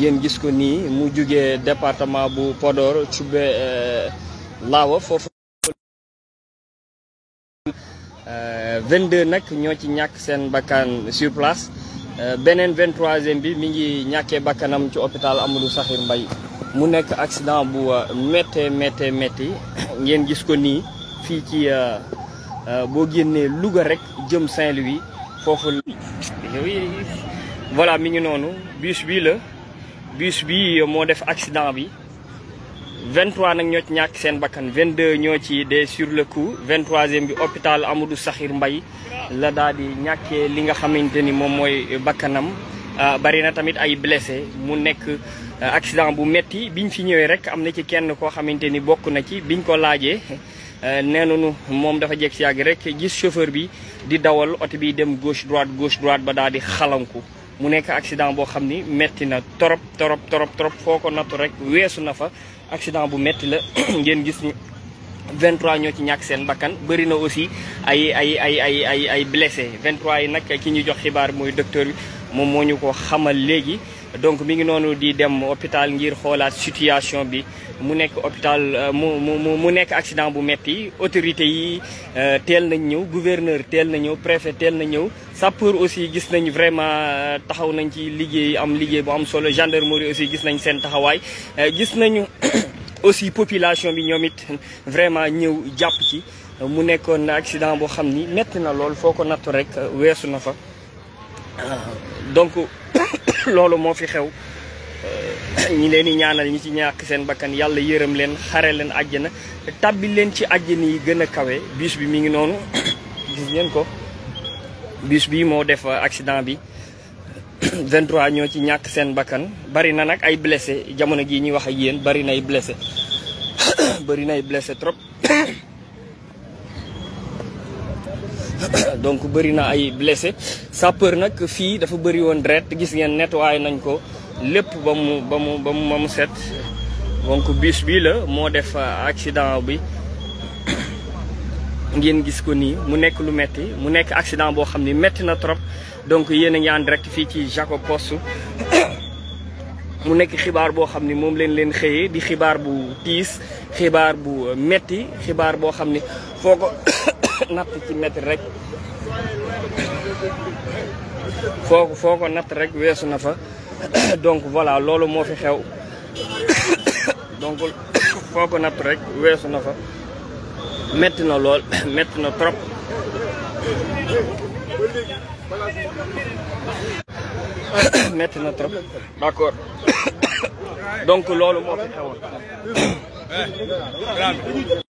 yéen gis ko nii mu jugee département bu Podor Tchoube euh, Laawa foofu. 22 euh, nag ñoo ci ñàkk seen bakkan sur place euh, beneen 23e bi mi ngi ñàkkee bakkanam ci hôpital Amadou Sakhir mbay mu nekk accident bu méttee méttee métti ngeen gis ko nii fii ci boo génnee Louga rek jëm Saint-Louis foofu. voilà mi ngi noonu bus bii la. bus bi moo def accident bi 23 nag ñoo ci ñàkk seen bakkan 22 ñoo ci dee sur le coup 23e bi hôpital Amadou saxiir mbay la daal di ñàkkee li nga xamante ni moom mooy bakkanam ah, bari na tamit ay blessé mu nekk ah, accident bu metti biñ fi ñëwee rek am na ci kenn koo xamante ni bokk na ci biñ ko laajee ah, nee nañu moom dafa jeg si yàgg rek gis chauffeur bi di dawal oto bi dem gauche droite gauche droite ba daal di xalanku mu nekk accident boo xam ni metti na torop torop torop torop foo ko nattu rek weesu na fa accident bu metti la ngeen gis ni 23 ñoo ci ñàkk seen bakkan bëri na aussi ay ay ay ay ay ay blessé 23 yi nag ki ñu jox xibaar mooy docteur bi moom moo ñu ko xamal léegi donc mi ngi di dem hôpital ngir situation bi mu hôpital euh, mu mu accident bu metti autorité yi euh, tel gouverneur tel na préfet tel sapeur aussi gis nañ vraiment euh, taxaw nañ ci am bu am gendarmerie aussi gis nañ gis aussi population bi vraiment accident bo metti na lool rek donc loolu moo fi xew euh, ñi leen di ñaanal ñi ci ñàkk seen bakkan yàlla yërëm leen xare leen àjjana tàbbi leen ci àjjana yi gën a kawe bus bi mi ngi noonu gis ngeen ko bus bi moo def euh, accident bi 23 ñoo ci ñàkk seen bakkan bari na nag ay blessé jamono jii ñuy wax ak yéen bari na ay blessé bari na ay blessé trop donc bëri na ay blessé sapeur nag fii dafa bëri woon dret gis ngeen nettoyé nañ ko lépp ba mu ba mu ba mu ba mu set donc bus bii la moo def accident bi ngeen gis ko nii mu nekk lu metti mu nekk accident boo xam ni metti na trop donc yéen a ngi fii ci Jacob Post mu nekk xibaar boo xam ni moom leen leen xëyee di xibaar bu tiis xibaar bu metti xibaar boo xam ni foo ko natt ci mètre rek foo ko foo ko natt rek weesu na fa donc voilà loolu moo fi xew donc foo ko natt rek weesu na fa metti na lool metti na trop metti na trop d'accord donc loolu moo fi xewoon eh,